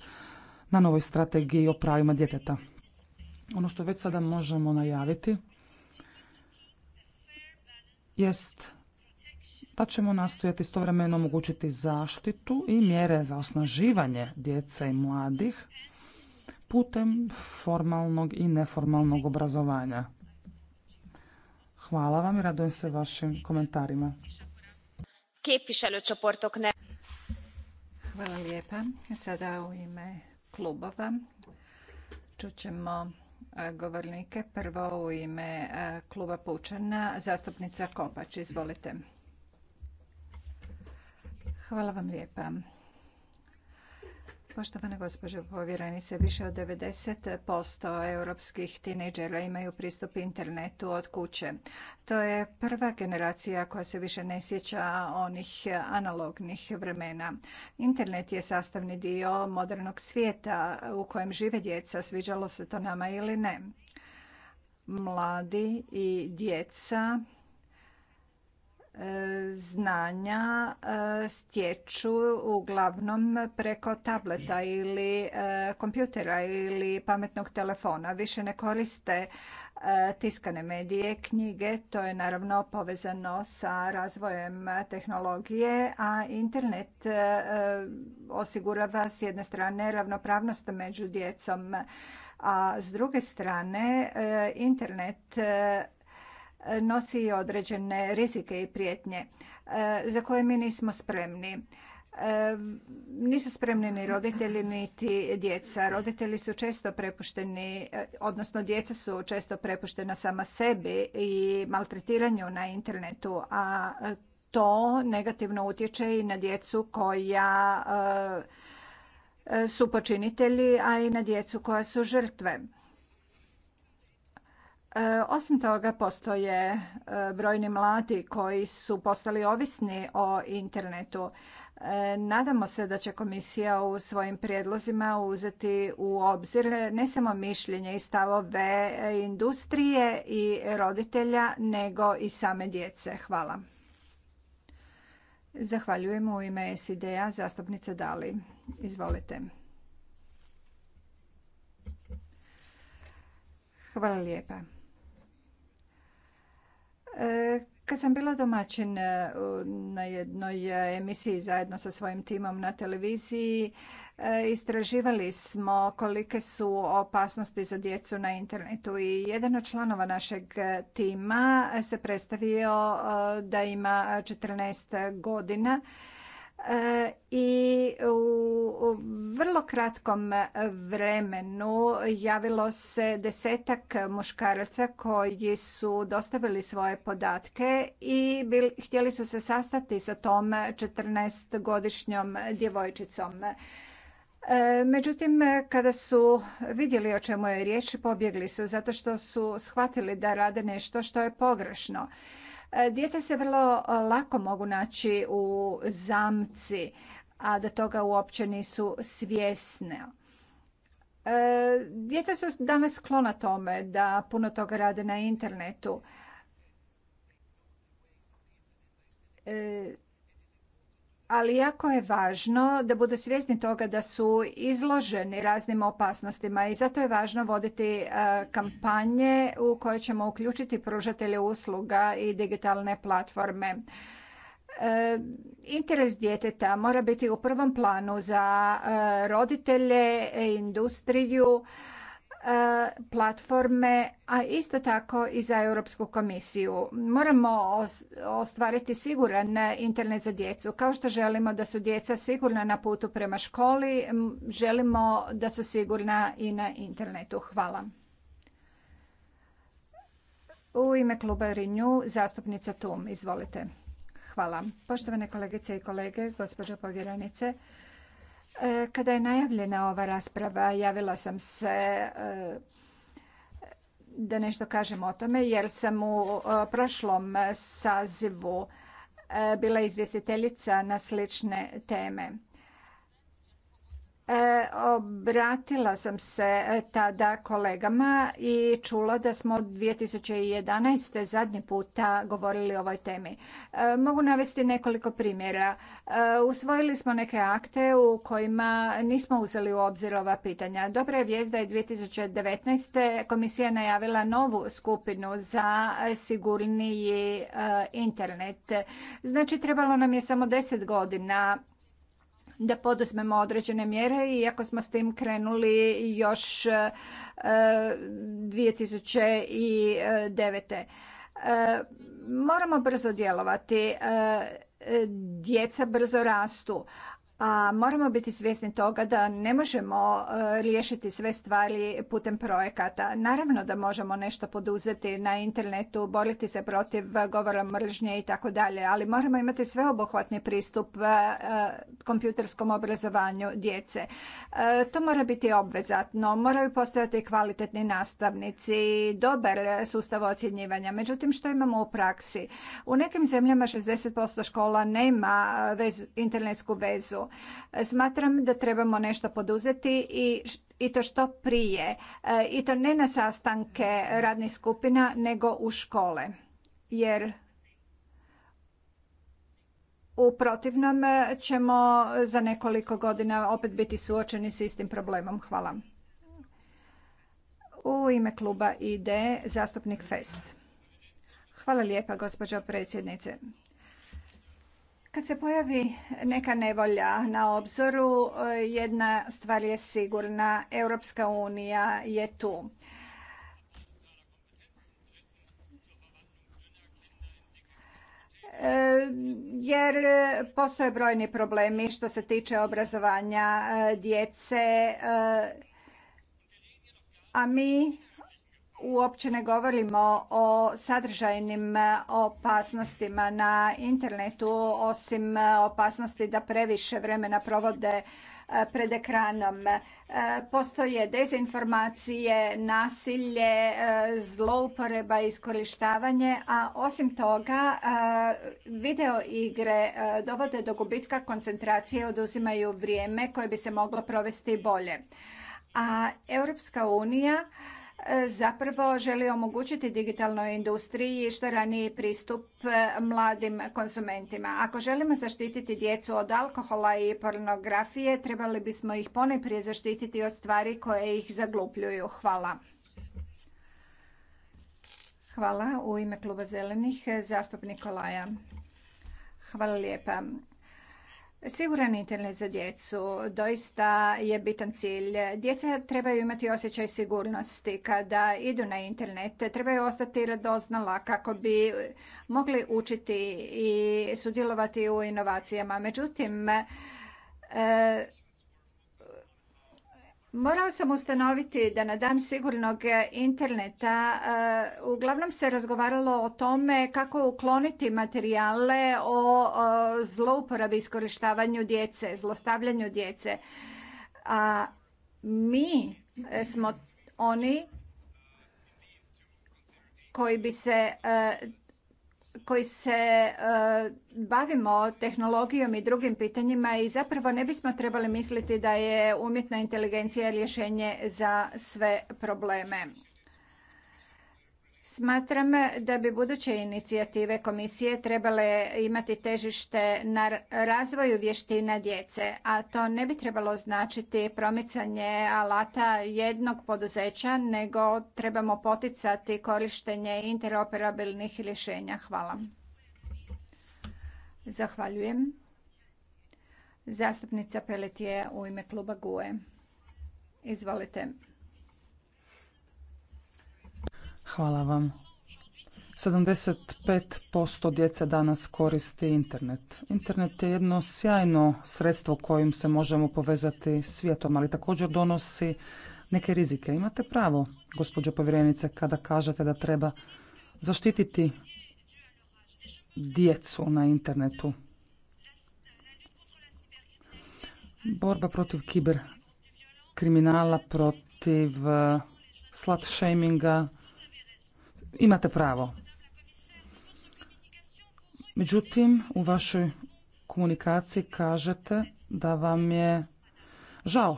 Speaker 1: na novoj strategiji o pravima djeteta ono što već sada možemo najaviti jest da ćemo nastojati istovremeno omogućiti zaštitu i mjere za osnaživanje djece i mladih putem formalnog i neformalnog obrazovanja. Hvala vam i radujem se vašim komentarima.
Speaker 4: Hvala lijepa.
Speaker 3: Sada u ime klubova čućemo E, govornike. Prvo u ime e, kluba Pučana, zastupnica Kopač. Izvolite. Hvala vam lijepa. Poštovana gospođo povjerenice, više od 90% europskih tineđera imaju pristup internetu od kuće. To je prva generacija koja se više ne sjeća onih analognih vremena. Internet je sastavni dio modernog svijeta u kojem žive djeca, sviđalo se to nama ili ne. Mladi i djeca znanja e, stječu uglavnom preko tableta ili e, kompjutera ili pametnog telefona. Više ne koriste e, tiskane medije, knjige. To je naravno povezano sa razvojem tehnologije, a internet osigurava s jedne strane ravnopravnost među djecom, a s druge strane internet nosi određene rizike i prijetnje e, za koje mi nismo spremni. E, nisu spremni ni roditelji niti djeca. Roditelji su često prepušteni, e, odnosno djeca su često prepuštena sama sebi i maltretiranju na internetu, a to negativno utječe i na djecu koja su počinitelji, a i na djecu koja su žrtve. E, osim toga postoje e, brojni mladi koji su postali ovisni o internetu. E, nadamo se da će komisija u svojim prijedlozima uzeti u obzir ne samo mišljenje i stavove industrije i roditelja, nego i same djece. Hvala. Zahvaljujem u ime SID-a zastupnice Dali. Izvolite. Hvala lijepa. Kad sam bila domaćin e, na jednoj e, emisiji zajedno sa svojim timom na televiziji, e, istraživali smo kolike su opasnosti za djecu na internetu i jedan od članova našeg tima se predstavio da ima 14 godina i u vrlo kratkom vremenu javilo se desetak muškaraca koji su dostavili svoje podatke i htjeli su se sastati sa tom 14-godišnjom djevojčicom. E, međutim, kada su vidjeli o čemu je riječ, pobjegli su zato što su shvatili da rade nešto što je pogrešno. E, djeca se vrlo e, lako mogu naći u zamci, a da toga uopće nisu svjesne. E, djeca su danas sklona tome da puno toga rade na internetu ali jako je važno da budu svjesni toga da su izloženi raznim opasnostima i zato je važno voditi e, kampanje u koje ćemo uključiti pružatelje usluga i digitalne platforme. E, interes djeteta mora biti u prvom planu za e, roditelje, industriju, E, platforme, a isto tako i za Europsku komisiju. Moramo ostvariti siguran internet za djecu. Kao što želimo da su djeca sigurna na putu prema školi, želimo da su sigurna i na internetu. Hvala. U ime kluba Renew, zastupnica TUM. Izvolite. Hvala. Poštovane kolegice i kolege, gospođo povjerenice, E, kada je najavljena ova rasprava, javila sam se e, da nešto kažem o tome, jer sam u prošlom sazivu e, bila izvjestiteljica na slične teme obratila sam se e, tada kolegama i čula da smo 2011. zadnji puta govorili o ovoj temi. E, mogu navesti nekoliko primjera. E, usvojili smo neke akte u kojima nismo uzeli u obzir ova pitanja. Dobra je vijest da je 2019. komisija najavila novu skupinu za sigurniji internet. Znači trebalo nam je samo 10 godina da poduzmemo određene mjere iako smo s tim krenuli još 2009. E, e, moramo brzo djelovati. E, djeca brzo rastu a moramo biti svjesni toga da ne možemo e, riješiti sve stvari putem projekata. Naravno da možemo nešto poduzeti na internetu, boriti se protiv govora mržnje i tako dalje, ali moramo imati sveobuhvatni pristup e, kompjuterskom obrazovanju djece. E, to mora biti obvezatno, moraju postojati kvalitetni nastavnici, dobar sustav ocjenjivanja. Međutim, što imamo u praksi? U nekim zemljama 60% škola nema vez, internetsku vezu Smatram da trebamo nešto poduzeti i i to što prije. E, I to ne na sastanke radnih skupina, nego u škole. Jer u protivnom e, ćemo za nekoliko godina opet biti suočeni s istim problemom. Hvala. U ime kluba ide zastupnik Fest. Hvala lijepa, gospođo predsjednice. Kad se pojavi neka nevolja na obzoru, eh, jedna stvar je sigurna, Europska unija je tu. Eh, jer postoje brojni problemi što se tiče obrazovanja eh, djece, a mi uopće ne govorimo o sadržajnim opasnostima na internetu, osim opasnosti da previše vremena provode e, pred ekranom. E, postoje dezinformacije, nasilje, e, zlouporeba, iskorištavanje, a osim toga video igre dovode do gubitka koncentracije, oduzimaju vrijeme koje bi se moglo provesti bolje. A Europska unija zapravo želi omogućiti digitalnoj industriji što raniji pristup e, mladim konsumentima. Ako želimo zaštititi djecu od alkohola i pornografije, trebali bismo ih ponajprije zaštititi od stvari koje ih zaglupljuju. Hvala. Hvala u ime Kluba zelenih e, zastupnik Kolaja. Hvala lijepa. Siguran internet za djecu doista je bitan cilj. Djeca trebaju imati osjećaj sigurnosti kada idu na internet. Trebaju ostati radoznala kako bi mogli učiti i sudjelovati u inovacijama. Međutim, e, Morao sam ustanoviti da na dan sigurnog e, interneta e, uglavnom se razgovaralo o tome kako ukloniti materijale o zlouporabi iskorištavanju djece, zlostavljanju djece. A mi e, smo oni koji bi se koji se e, bavimo tehnologijom i drugim pitanjima i zapravo ne bismo trebali misliti da je umjetna inteligencija rješenje za sve probleme. Smatram da bi buduće inicijative komisije trebale imati težište na razvoju vještina djece, a to ne bi trebalo značiti promicanje alata jednog poduzeća, nego trebamo poticati korištenje interoperabilnih rješenja. Hvala. Zahvaljujem. Zastupnica Pelet je u ime kluba GUE. Izvolite.
Speaker 1: Hvala vam. 75% djece danas koristi internet. Internet je jedno sjajno sredstvo kojim se možemo povezati svijetom, ali također donosi neke rizike. Imate pravo, gospođo povjerenice, kada kažete da treba zaštititi djecu na internetu. Borba protiv kiber kriminala, protiv eh, slat shaminga, imate pravo. Međutim, u vašoj komunikaciji kažete da vam je žao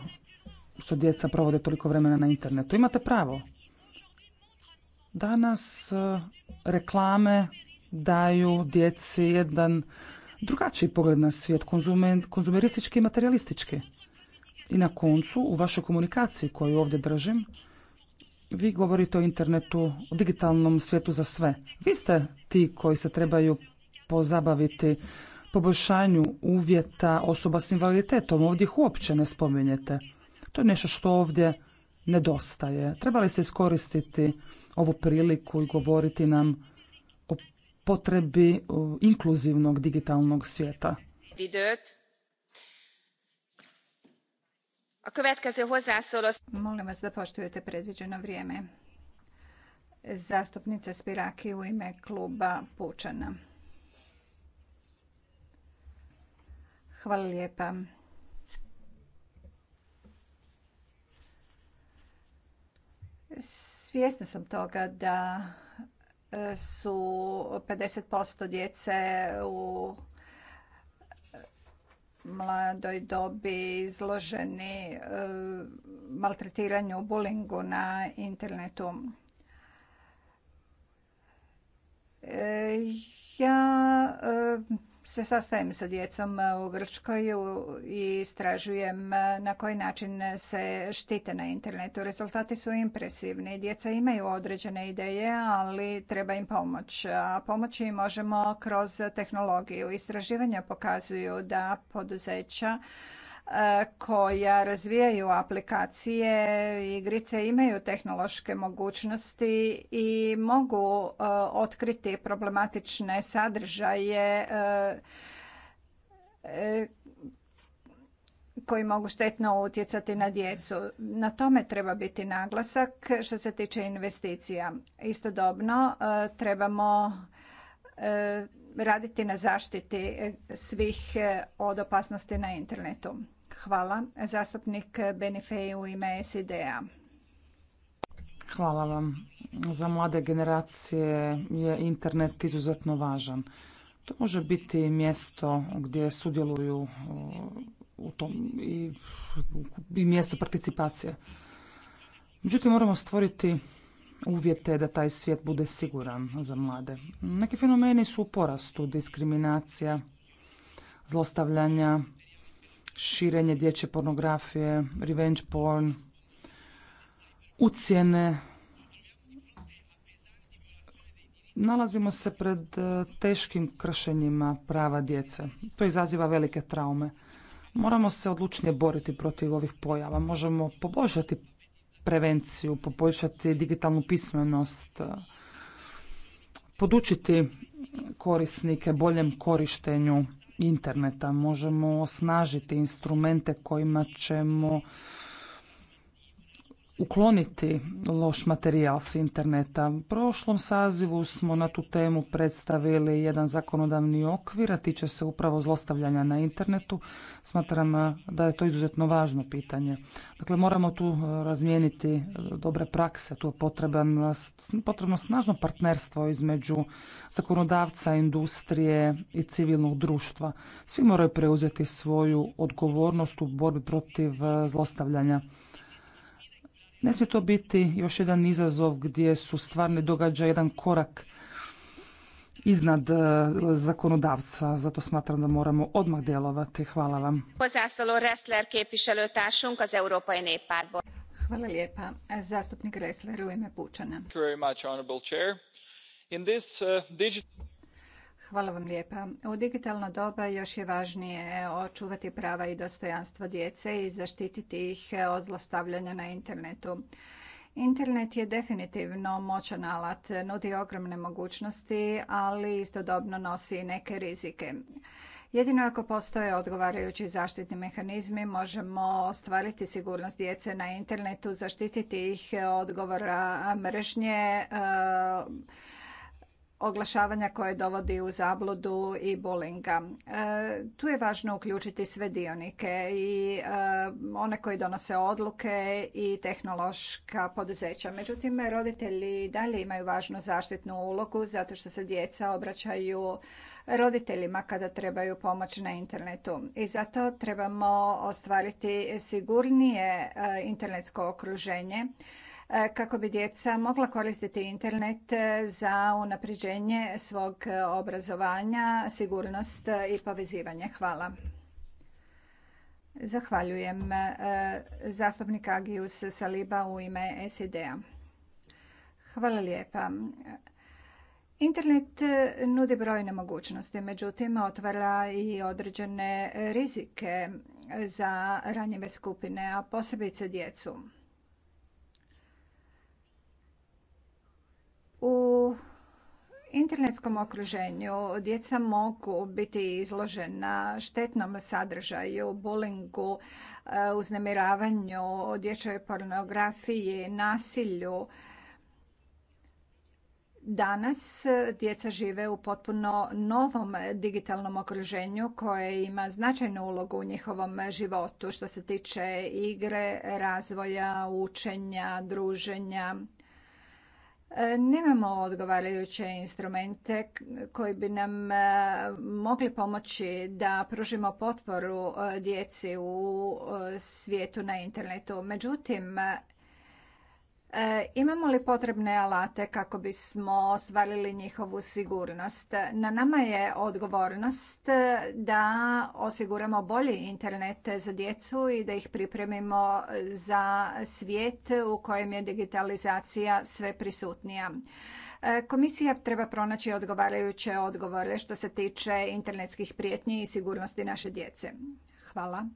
Speaker 1: što djeca provode toliko vremena na internetu. Imate pravo. Danas e, reklame daju djeci jedan drugačiji pogled na svijet, konzumeristički i materialistički. I na koncu, u vašoj komunikaciji koju ovdje držim, vi govorite o internetu, o digitalnom svijetu za sve. Vi ste ti koji se trebaju pozabaviti poboljšanju uvjeta osoba s invaliditetom. Ovdje ih uopće ne spominjete. To je nešto što ovdje nedostaje. Trebali se iskoristiti ovu priliku i govoriti nam o potrebi inkluzivnog digitalnog svijeta.
Speaker 3: Molim vas da poštujete predviđeno vrijeme. Zastupnica Spiraki u ime kluba Pučana. Hvala lijepa. Svjesna sam toga da su 50% djece u mladoj dobi izloženi e, maltretiranju, bulingu na internetu. E, ja e, se sastajem sa djecom e, u Grčkoj i istražujem e, na koji način se štite na internetu. Rezultati su impresivni. Djeca imaju određene ideje, ali treba im pomoć. A pomoći im možemo kroz tehnologiju. Istraživanja pokazuju da poduzeća koja razvijaju aplikacije, igrice imaju tehnološke mogućnosti i mogu e, otkriti problematične sadržaje e, e, koji mogu štetno utjecati na djecu. Na tome treba biti naglasak što se tiče investicija. Istodobno trebamo raditi na zaštiti svih od opasnosti na internetu. Hvala. Zastupnik Benifej u ime SID-a.
Speaker 1: Hvala vam. Za mlade generacije je internet izuzetno važan. To može biti mjesto gdje sudjeluju uh, u tom i, i mjesto participacije. Međutim, moramo stvoriti uvjete da taj svijet bude siguran za mlade. Neki fenomeni su u porastu, diskriminacija, zlostavljanja, širenje dječje pornografije, revenge porn, ucijene. Nalazimo se pred e, teškim kršenjima prava djece. To izaziva velike traume. Moramo se odlučnije boriti protiv ovih pojava. Možemo poboljšati prevenciju, poboljšati digitalnu pismenost, e, podučiti korisnike boljem korištenju interneta. Možemo osnažiti instrumente kojima ćemo ukloniti loš materijal s interneta. U prošlom sazivu smo na tu temu predstavili jedan zakonodavni okvir, a tiče se upravo zlostavljanja na internetu. Smatram eh, da je to izuzetno važno pitanje. Dakle, moramo tu eh, razmijeniti eh, dobre prakse. Tu je potreban, potrebno snažno partnerstvo između zakonodavca, industrije i civilnog društva. Svi moraju preuzeti svoju odgovornost u borbi protiv zlostavljanja ne smije to biti još jedan izazov gdje su stvarne događa jedan korak iznad e, zakonodavca, zato smatram da moramo odmah djelovati. Hvala vam.
Speaker 4: Hvala lijepa. Zastupnik Ressler u ime Pučana.
Speaker 3: Hvala vam lijepa. U digitalno doba još je važnije očuvati prava i dostojanstvo djece i zaštititi ih od zlostavljanja na internetu. Internet je definitivno moćan alat, nudi ogromne mogućnosti, ali istodobno nosi i neke rizike. Jedino ako postoje odgovarajući zaštitni mehanizmi možemo ostvariti sigurnost djece na internetu, zaštititi ih od govora mržnje, e, oglašavanja koje dovodi u zabludu i bulinga. E, tu je važno uključiti sve dionike i e, one koji donose odluke i tehnološka poduzeća. Međutim, roditelji dalje imaju važnu zaštitnu ulogu zato što se djeca obraćaju roditeljima kada trebaju pomoć na internetu. I zato trebamo ostvariti sigurnije e, internetsko okruženje E, kako bi djeca mogla koristiti internet e, za unapređenje svog obrazovanja, sigurnost e, i povezivanje. Hvala. Zahvaljujem zastupnik Agijus Saliba u ime SID-a. Hvala lijepa. Internet nudi brojne mogućnosti, međutim otvara i određene rizike za ranjive skupine, a posebice djecu. U internetskom okruženju djeca mogu biti izložena štetnom sadržaju, bulingu, e, uznemiravanju, dječjoj pornografiji, nasilju. Danas djeca žive u potpuno novom digitalnom okruženju koje ima značajnu ulogu u njihovom životu što se tiče igre, razvoja, učenja, druženja. E, nemamo odgovarajuće instrumente koji bi nam e, mogli pomoći da pružimo potporu e, djeci u svijetu na internetu. Međutim, E, imamo li potrebne alate kako bismo ostvarili njihovu sigurnost? Na nama je odgovornost e, da osiguramo bolji internet za djecu i da ih pripremimo za svijet u kojem je digitalizacija sve prisutnija. E, komisija treba pronaći odgovarajuće odgovore što se tiče internetskih prijetnji i sigurnosti naše djece. Hvala.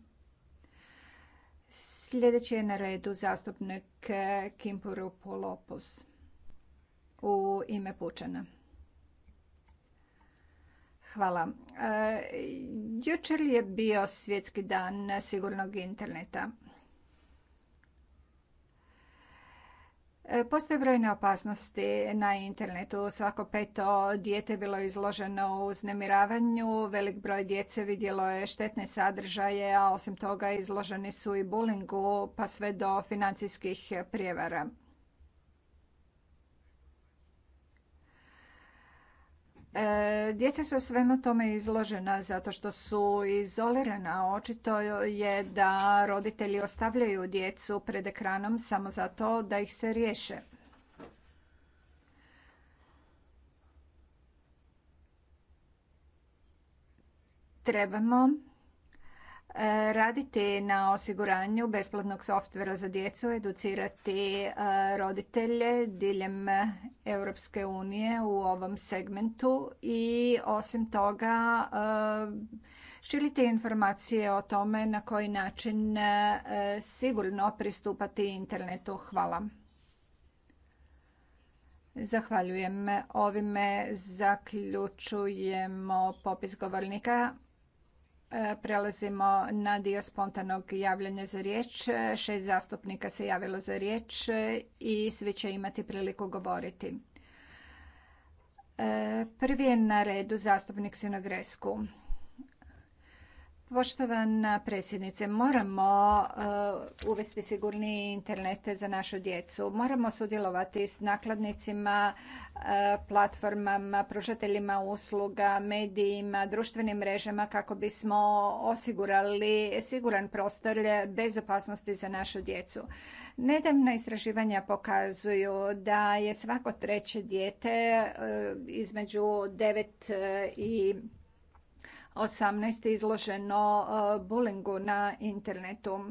Speaker 3: Sljedeći je na redu zastupnik eh, Kimpuru Polopus u ime Pučana. Hvala. Eh, jučer je bio svjetski dan sigurnog interneta. E, postoje brojne opasnosti na internetu. Svako peto dijete bilo je izloženo uznemiravanju, velik broj djece vidjelo je štetne sadržaje, a osim toga izloženi su i bulingu pa sve do financijskih prijevara. E, djeca su svemu tome izložena zato što su izolirana. Očito je da roditelji ostavljaju djecu pred ekranom samo zato da ih se riješe. Trebamo E, raditi na osiguranju besplatnog softvera za djecu, educirati e, roditelje diljem Europske unije u ovom segmentu i osim toga e, širiti informacije o tome na koji način sigurno pristupati internetu. Hvala. Zahvaljujem. Ovime zaključujemo popis govornika. Prelazimo na dio spontanog javljanja za riječ. Šest zastupnika se javilo za riječ i svi će imati priliku govoriti. E, prvi je na redu zastupnik Sinogresku. Poštovana predsjednice, moramo e, uvesti sigurni internet za našu djecu. Moramo sudjelovati s nakladnicima, e, platformama, pružateljima usluga, medijima, društvenim mrežama kako bismo osigurali siguran prostor bez opasnosti za našu djecu. Nedavna istraživanja pokazuju da je svako treće dijete e, između 9 i 18 izloženo e, bulingu na internetu.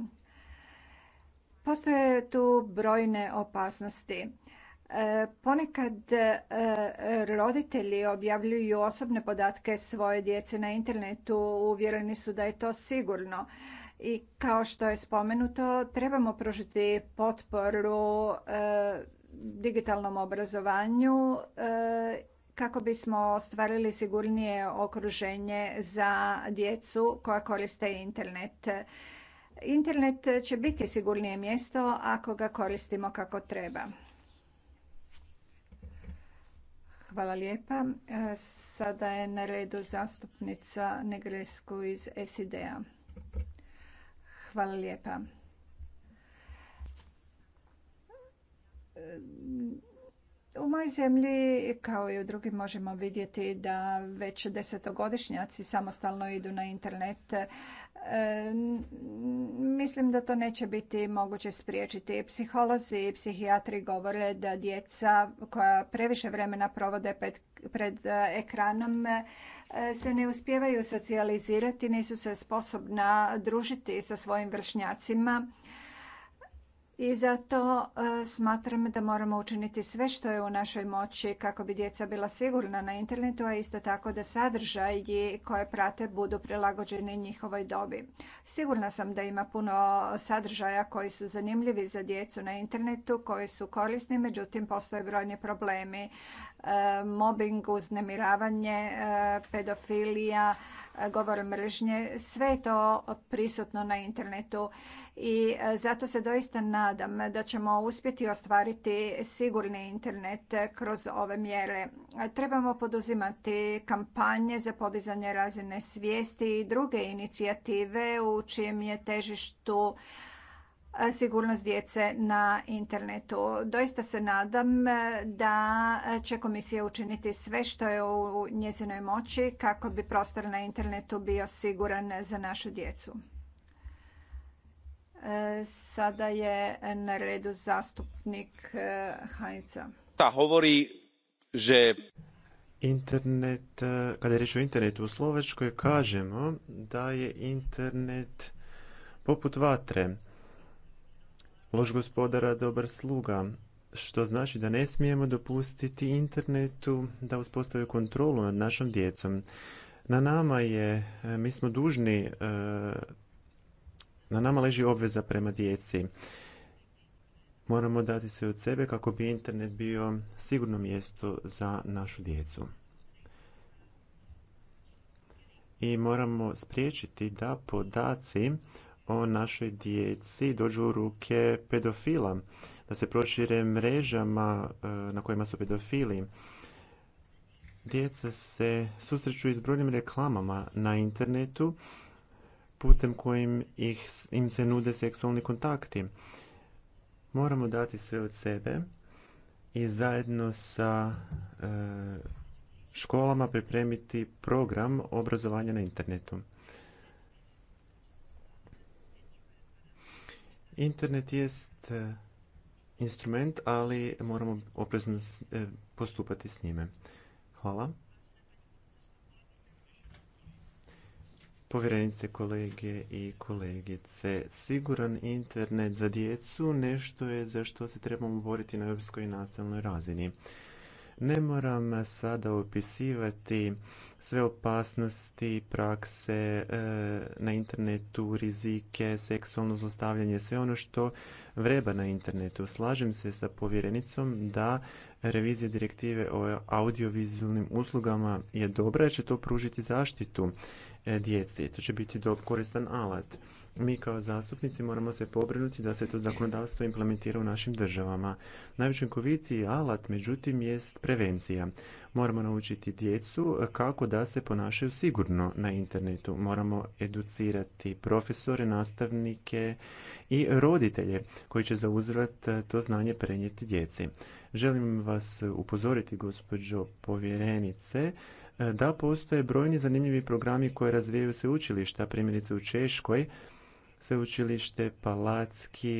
Speaker 3: Postoje tu brojne opasnosti. E, ponekad e, roditelji objavljuju osobne podatke svoje djece na internetu, uvjereni su da je to sigurno. I kao što je spomenuto, trebamo pružiti potporu digitalnom obrazovanju kako bismo ostvarili sigurnije okruženje za djecu koja koriste internet. Internet će biti sigurnije mjesto ako ga koristimo kako treba. Hvala lijepa. E, sada je na redu zastupnica Negresku iz SID-a. Hvala lijepa e, u mojoj zemlji, kao i u drugim, možemo vidjeti da već desetogodišnjaci samostalno idu na internet. E, mislim da to neće biti moguće spriječiti. Psiholozi i psihijatri govore da djeca koja previše vremena provode pred, pred ekranom e, se ne uspijevaju socijalizirati, nisu se sposobna družiti sa svojim vršnjacima i zato e, smatram da moramo učiniti sve što je u našoj moći kako bi djeca bila sigurna na internetu, a isto tako da sadržaji koje prate budu prilagođeni njihovoj dobi. Sigurna sam da ima puno sadržaja koji su zanimljivi za djecu na internetu, koji su korisni, međutim postoje brojni problemi. E, mobbing, uznemiravanje, e, pedofilija, e, govor mržnje, sve je to prisutno na internetu i zato se doista nadam da ćemo uspjeti ostvariti sigurni internet kroz ove mjere. Trebamo poduzimati kampanje za podizanje razine svijesti i druge inicijative u čijem je težištu E, sigurnost djece na internetu. Doista se nadam e, da će komisija učiniti sve što je u njezinoj moći kako bi prostor na internetu bio siguran za našu djecu. E, sada je na redu zastupnik Hajca.
Speaker 5: Ta govori
Speaker 2: Internet, kada je reč o internetu u Slovačkoj, kažemo da je internet poput vatre loš gospodara dobar sluga, što znači da ne smijemo dopustiti internetu da uspostavi kontrolu nad našom djecom. Na nama je, e, mi smo dužni, e, na nama leži obveza prema djeci. Moramo dati sve od sebe kako bi internet bio sigurno mjesto za našu djecu. I moramo spriječiti da podaci o našoj djeci dođu u ruke pedofila, da se prošire mrežama e, na kojima su pedofili. Djeca se susreću i s brojnim reklamama na internetu putem kojim im se nude seksualni kontakti. Moramo dati sve od sebe i zajedno sa e, školama pripremiti program obrazovanja na internetu. Internet jest e, instrument, ali moramo oprezno e, postupati s njime. Hvala. Povjerenice, kolege i kolegice, siguran internet za djecu nešto je za što se trebamo boriti na europskoj i nacionalnoj razini. Ne moram sada opisivati sve opasnosti, prakse e, na internetu, rizike, seksualno zlostavljanje, sve ono što vreba na internetu. Slažem se sa povjerenicom da revizija direktive o audiovizualnim uslugama je dobra jer će to pružiti zaštitu e, djeci. To će biti koristan alat mi kao zastupnici moramo se pobrinuti da se to zakonodavstvo implementira u našim državama. Najučinkovitiji alat, međutim, jest prevencija. Moramo naučiti djecu kako da se ponašaju sigurno na internetu. Moramo educirati profesore, nastavnike i roditelje koji će zauzrat to znanje prenijeti djeci. Želim vas upozoriti, gospođo povjerenice, da postoje brojni zanimljivi programi koje razvijaju se učilišta, primjerice u Češkoj, sveučilište palacki,